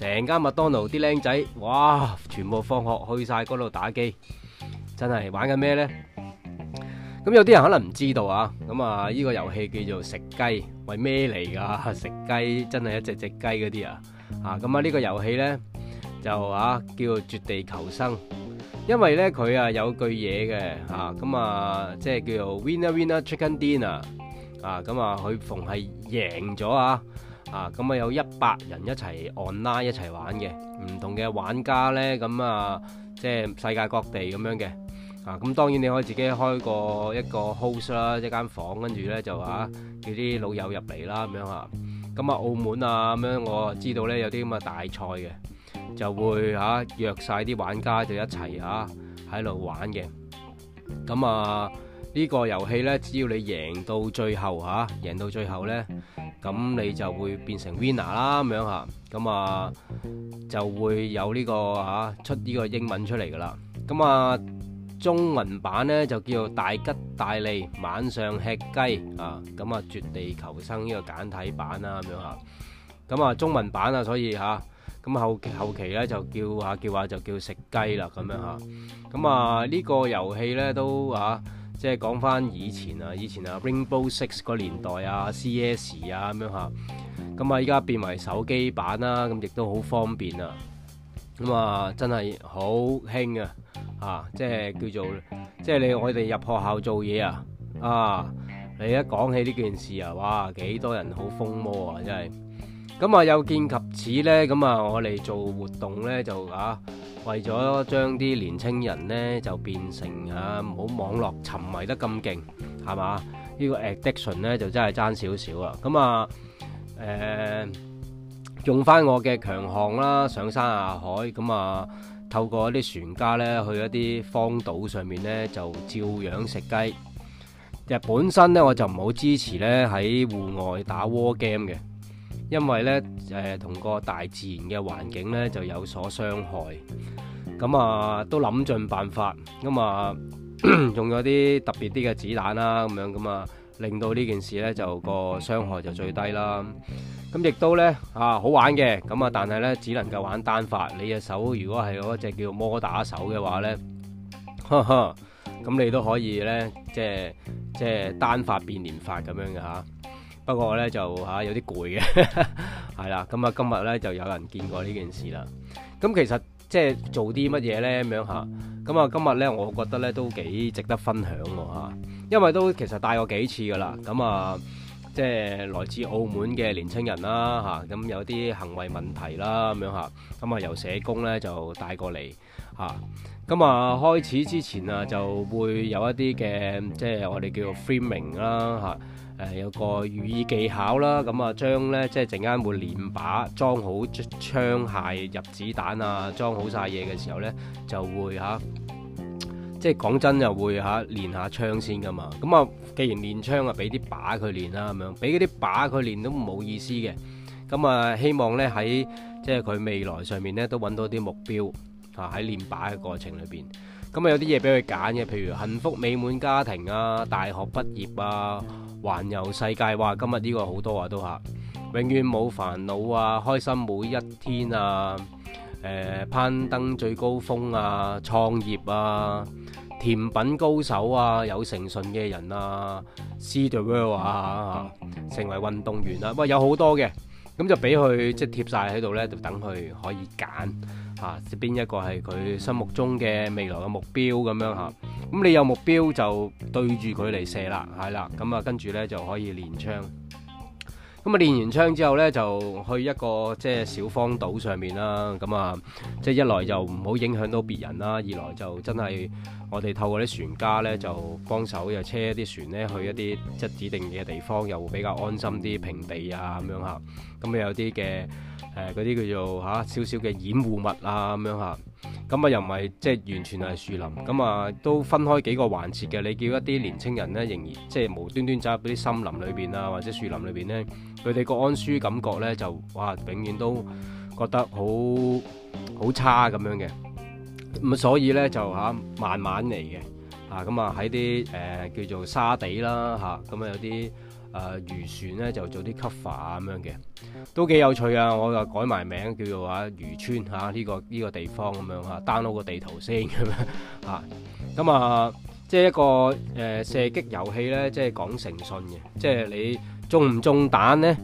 成間麥當勞啲靚仔，哇！全部放學去晒嗰度打機，真係玩緊咩咧？咁有啲人可能唔知道啊。咁啊，呢個遊戲叫做食雞，係咩嚟噶？食雞真係一隻隻雞嗰啲啊。啊，咁啊，呢個遊戲咧就啊叫做絕地求生，因為咧佢啊有句嘢嘅嚇，咁啊，啊即係叫做 winner winner chicken dinner 啊。啊，咁啊佢逢係贏咗啊。啊，咁啊有一百人一齊 online，一齊玩嘅，唔同嘅玩家咧，咁啊即係世界各地咁樣嘅。啊，咁當然你可以自己開個一個 host 啦，一間房跟住咧就嚇、啊、叫啲老友入嚟啦咁樣啊，咁啊，澳門啊咁樣，我知道咧有啲咁嘅大賽嘅，就會啊約晒啲玩家就一齊啊喺度玩嘅。咁啊呢、呢個遊戲咧，只要你贏到最後嚇、啊，贏到最後咧。咁你就會變成 Winner 啦咁樣嚇、啊，咁啊就會有呢、這個嚇、啊、出呢個英文出嚟噶啦。咁啊中文版咧就叫大吉大利，晚上吃雞啊。咁啊絕地求生呢個簡體版啦、啊、咁樣嚇、啊。咁啊中文版啊，所以嚇咁後期後期咧就叫嚇叫嚇就叫食雞啦咁樣嚇。咁啊呢個遊戲咧都啊～即係講翻以前啊，以前啊 Rainbow Six 嗰年代啊，CS 啊咁樣吓、啊，咁啊依家變為手機版啦、啊，咁亦都好方便啊，咁啊真係好興啊，啊即係叫做即係你我哋入學校做嘢啊，啊你一講起呢件事啊，哇幾多人好風魔啊，真係，咁啊又見及此咧，咁啊我哋做活動咧就啊～為咗將啲年青人呢就變成嚇唔好網絡沉迷得咁勁，係嘛？呢個 addiction 呢就真係爭少少啊！咁啊誒，用返我嘅強項啦，上山下海，咁啊透過一啲船家呢去一啲荒島上面呢，就照樣食雞。日本身呢，我就唔好支持呢喺戶外打 war game 嘅。因為咧，誒、呃、同個大自然嘅環境咧就有所傷害，咁啊都諗盡辦法，咁啊用咗啲特別啲嘅子彈啦、啊，咁樣咁啊，令到呢件事咧就個傷害就最低啦。咁亦都咧嚇好玩嘅，咁啊但係咧只能夠玩單發。你嘅手如果係嗰隻叫魔打手嘅話咧，咁你都可以咧即係即係單發變連發咁樣嘅嚇、啊。不過咧就嚇有啲攰嘅，係啦。咁啊， 嗯、今日咧就有人見過呢件事啦。咁、嗯、其實即係做啲乜嘢咧咁樣嚇。咁、嗯、啊，今日咧我覺得咧都幾值得分享喎，因為都其實帶過幾次噶啦。咁、嗯、啊、嗯，即係來自澳門嘅年輕人啦嚇。咁、啊嗯、有啲行為問題啦咁樣嚇。咁啊、嗯，由社工咧就帶過嚟嚇。咁啊、嗯嗯，開始之前啊就會有一啲嘅即係我哋叫做 framing 啦、啊、嚇。誒、呃、有個寓意技巧啦，咁啊將咧即係陣間會練靶，裝好槍械、入子彈啊，裝好晒嘢嘅時候咧就會嚇、啊，即係講真又會嚇、啊、練下槍先㗎嘛。咁啊，既然練槍啊，俾啲靶佢練啦咁樣，俾啲靶佢練都冇意思嘅。咁啊，希望咧喺即係佢未來上面咧都揾到啲目標嚇喺、啊、練靶嘅過程裏邊。今日有啲嘢俾佢揀嘅，譬如幸福美滿家庭啊，大學畢業啊，環遊世界，哇！今日呢個好多啊，都吓永遠冇煩惱啊，開心每一天啊，誒、呃，攀登最高峰啊，創業啊，甜品高手啊，有誠信嘅人啊，See the world 啊，成為運動員啊，喂，有好多嘅。咁就俾佢即係貼晒喺度咧，就等佢可以揀吓，邊、啊、一個係佢心目中嘅未來嘅目標咁樣吓。咁、啊、你有目標就對住佢嚟射啦，係、啊、啦。咁啊，跟住咧，就可以連槍。咁啊練完槍之後咧，就去一個即係、就是、小荒島上面啦。咁啊，即係一來就唔好影響到別人啦，二來就真係我哋透過啲船家咧，就幫手又車啲船咧去一啲即係指定嘅地方，又會比較安心啲平地啊咁樣吓、啊。咁、啊、有啲嘅誒，嗰、呃、啲叫做吓少少嘅掩護物啊咁樣吓、啊。咁啊，又唔係即係完全係樹林，咁啊都分開幾個環節嘅。你叫一啲年青人咧，仍然即係無端端走入嗰啲森林裏邊啊，或者樹林裏邊咧，佢哋個安舒感覺咧就哇，永遠都覺得好好差咁樣嘅。咁啊，所以咧就吓慢慢嚟嘅，啊咁啊喺啲誒叫做沙地啦吓，咁啊有啲。呃、魚 cover，啊！漁船咧就做啲 cover 咁樣嘅，都幾有趣啊！我又改埋名叫做啊漁村嚇，呢個呢個地方咁樣嚇，download 個地圖先咁樣嚇。咁啊，即係一個誒、呃、射擊遊戲咧，即係講誠信嘅，即係你中唔中彈咧，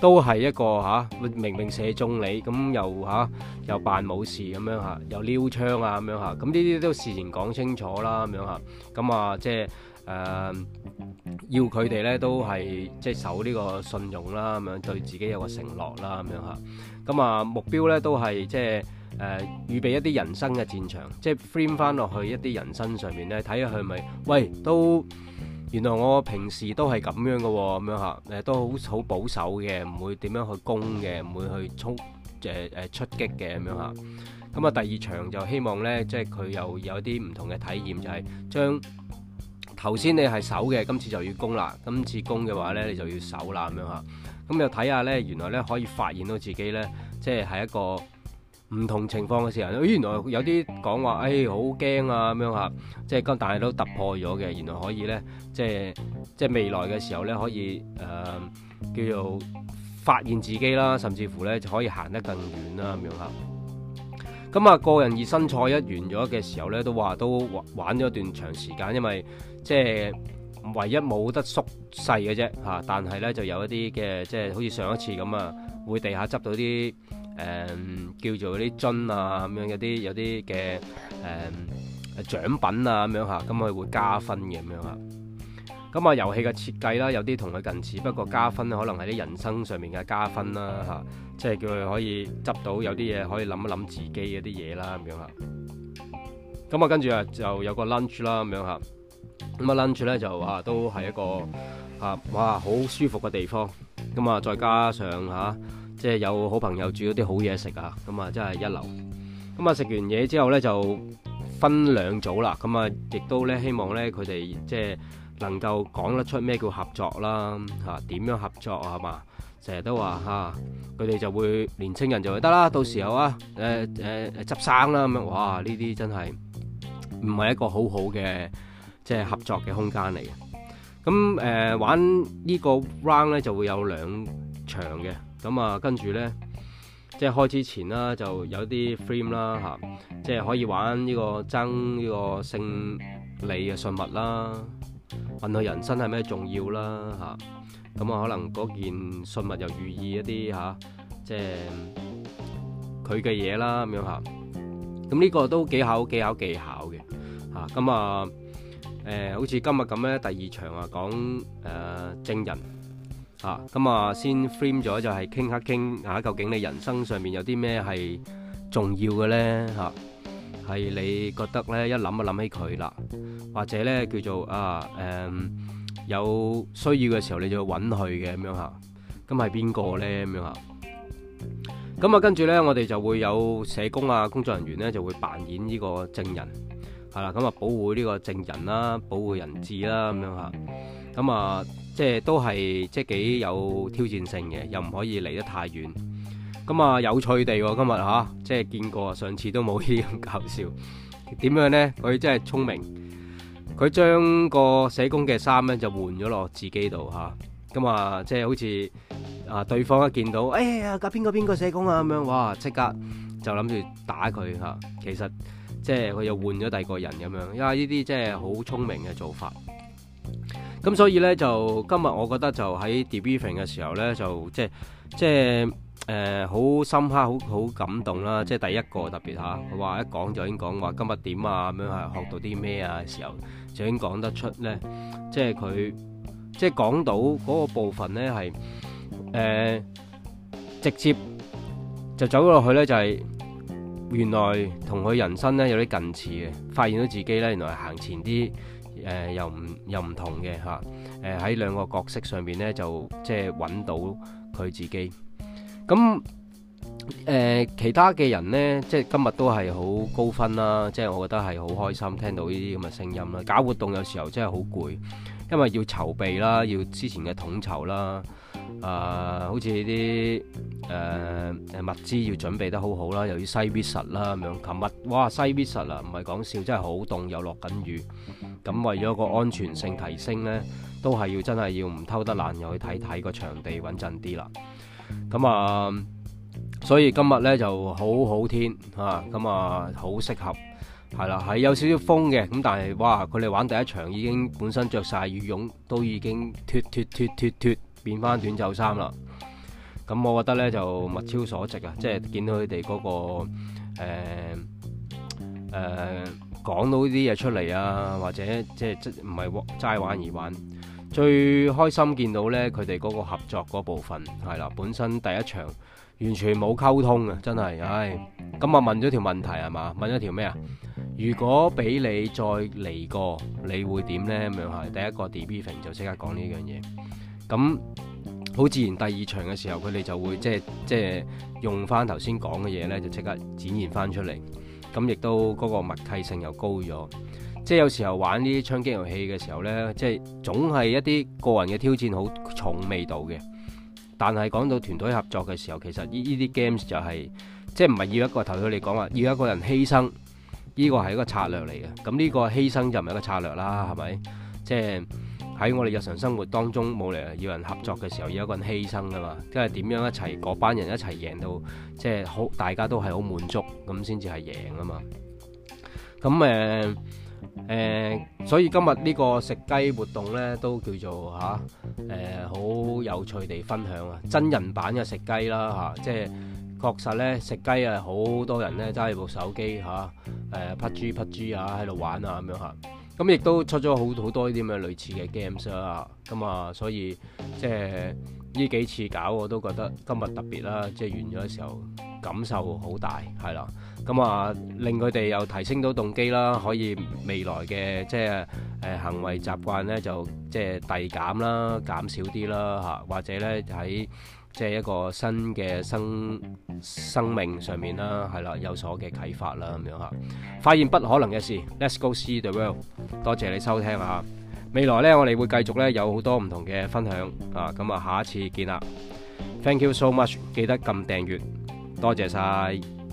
都係一個嚇。明明射中你，咁又嚇、啊、又扮冇事咁樣嚇，又撩槍啊咁樣嚇。咁呢啲都事前講清楚啦咁樣嚇。咁啊，即係。誒、嗯、要佢哋咧都係即係守呢個信用啦，咁樣對自己有個承諾啦，咁樣嚇。咁啊目標咧都係即係誒、呃、預備一啲人生嘅戰場，即係 frame 翻落去一啲人生上面咧，睇下佢咪喂都原來我平時都係咁樣嘅喎，咁樣嚇，誒都好好保守嘅，唔會點樣去攻嘅，唔會去衝誒誒出擊嘅咁樣嚇。咁啊第二場就希望咧，即係佢又有啲唔同嘅體驗，就係、是、將。頭先你係守嘅，今次就要攻啦。今次攻嘅話咧，你就要守啦咁樣嚇。咁又睇下咧，原來咧可以發現到自己咧，即係係一個唔同情況嘅時候、哎。原來有啲講話，哎，好驚啊咁樣嚇。即係咁，但係都突破咗嘅。原來可以咧，即係即係未來嘅時候咧，可以誒、呃、叫做發現自己啦，甚至乎咧就可以行得更遠啦咁樣嚇。咁啊，個人熱身賽一完咗嘅時候咧，都話都玩咗一段長時間，因為即係唯一冇得縮細嘅啫嚇。但係咧就有一啲嘅即係好似上一次咁啊，會地下執到啲誒、嗯、叫做啲樽啊咁樣，有啲有啲嘅誒獎品啊咁樣嚇，咁佢會加分嘅咁樣嚇。咁啊，遊戲嘅設計啦，有啲同佢近似，不過加分可能係啲人生上面嘅加分啦嚇，即係叫佢可以執到有啲嘢可以諗一諗自己嗰啲嘢啦咁樣嚇。咁啊，跟住啊就有個 lunch 啦咁樣嚇。咁啊，lunch 咧就啊都係一個啊哇好舒服嘅地方。咁啊，再加上嚇即係有好朋友煮咗啲好嘢食嚇，咁啊真係一流。咁啊食完嘢之後咧就分兩組啦。咁啊，亦都咧希望咧佢哋即係，能夠講得出咩叫合作啦嚇？點、啊、樣合作啊？係嘛？成日都話嚇，佢哋就會年青人就會得啦。到時候啊，誒、呃、誒、呃、執生啦咁樣。哇！呢啲真係唔係一個好好嘅即係合作嘅空間嚟嘅。咁誒、呃、玩呢個 round 咧就會有兩場嘅，咁啊，跟住咧即係開始前啦就有啲 frame 啦、啊、嚇，即、就、係、是、可以玩呢個爭呢個勝利嘅信物啦。啊問佢人生係咩重要啦嚇，咁啊、嗯、可能嗰件信物又寓意一啲嚇、啊，即係佢嘅嘢啦咁樣嚇，咁呢、啊嗯這個都幾考幾考技巧嘅嚇，咁啊誒、嗯呃、好似今日咁咧，第二場啊講誒證、呃、人嚇，咁啊、嗯、先 frame 咗就係傾下傾嚇，究竟你人生上面有啲咩係重要嘅咧嚇？啊係你覺得咧一諗就諗起佢啦，或者咧叫做啊誒、嗯、有需要嘅時候你就要揾佢嘅咁樣吓，咁係邊個咧咁樣吓？咁啊跟住咧我哋就會有社工啊工作人員咧就會扮演呢個證人，係啦咁啊 UA，保護呢個證人啦，保護人質啦咁樣吓，咁啊即係都係即係幾有挑戰性嘅，又唔可以離得太遠。咁啊有趣地喎，今日吓，即係見過，上次都冇呢咁搞笑。點樣咧？佢真係聰明，佢將個社工嘅衫咧就換咗落自己度吓，咁啊，即係好似啊對方一見到，哎呀，隔邊個邊個社工啊咁樣，哇！即刻就諗住打佢嚇，啊。其實即係佢又換咗第二個人咁樣，因為呢啲即係好聰明嘅做法。咁所以咧，就今日我覺得就喺 debriefing 嘅時候咧，就即係，即係誒好、呃、深刻，好好感動啦！即係第一個特別嚇，佢、啊、話一講就已經講話今日點啊，咁樣係學到啲咩啊？時候就已經講得出咧，即係佢即係講到嗰個部分咧，係誒、呃、直接就走落去咧，就係、是、原來同佢人生咧有啲近似嘅，發現到自己咧原來行前啲誒、呃、又唔又唔同嘅嚇誒，喺兩個角色上面咧就即係揾到佢自己。咁誒、呃，其他嘅人呢，即係今日都係好高分啦，即係我覺得係好開心，聽到呢啲咁嘅聲音啦。搞活動有時候真係好攰，因為要籌備啦，要之前嘅統籌啦，啊、呃，好似啲誒物資要準備得好好啦，又要 site visit 啦咁樣。琴日哇，site visit 啊，唔係講笑，真係好凍又落緊雨。咁為咗個安全性提升呢，都係要真係要唔偷得懶又去睇睇個場地穩陣啲啦。咁啊、嗯，所以今日咧就好好天吓，咁啊、嗯嗯、好適合係啦，係有少少風嘅，咁但係哇，佢哋玩第一場已經本身着晒羽絨，都已經脱脱脱脱脱變翻短袖衫啦。咁、啊、我覺得咧就物超所值啊，即係見到佢哋嗰個誒誒講到呢啲嘢出嚟啊，或者即係即唔係話齋玩而玩。最開心見到呢，佢哋嗰個合作嗰部分係啦。本身第一場完全冇溝通嘅，真係，唉、哎。咁啊問咗條問題係嘛？問咗條咩啊？如果俾你再嚟過，你會點呢？咁樣係第一個 debriefing 就即刻講呢樣嘢。咁好自然，第二場嘅時候佢哋就會即係即係用翻頭先講嘅嘢呢，就即刻展現翻出嚟。咁亦都嗰個默契性又高咗。即係有時候玩呢啲槍擊遊戲嘅時候呢，即係總係一啲個人嘅挑戰好重味道嘅。但係講到團隊合作嘅時候，其實呢呢啲 games 就係、是、即係唔係要一個頭先你講話要一個人犧牲，呢個係一個策略嚟嘅。咁呢個犧牲就唔係一個策略啦，係咪？即係喺我哋日常生活當中冇理由要人合作嘅時候，要一個人犧牲噶嘛，即係點樣一齊嗰班人一齊贏到，即係好大家都係好滿足咁先至係贏啊嘛。咁誒。呃誒、嗯，所以今日呢個食雞活動咧，都叫做吓，誒，好有趣地分享啊！真人版嘅食雞啦，吓、啊，即係確實咧食雞啊，好多人咧揸住部手機吓，誒，撲豬撲豬啊，喺度、啊、玩啊咁樣吓，咁亦都出咗好好多呢啲咁嘅類似嘅 game 啦，咁啊，所以即係呢幾次搞我都覺得今日特別啦、啊，即係完咗嘅時候。感受好大，係啦，咁啊令佢哋又提升到動機啦，可以未來嘅即係誒行為習慣咧就即係遞減啦，減少啲啦吓，或者咧喺即係一個新嘅生生命上面啦，係啦有所嘅啟發啦咁樣吓，發現不可能嘅事，Let's go see the world。多謝你收聽啊，未來咧我哋會繼續咧有好多唔同嘅分享啊，咁啊下一次見啦，Thank you so much，記得撳訂閱。多謝晒。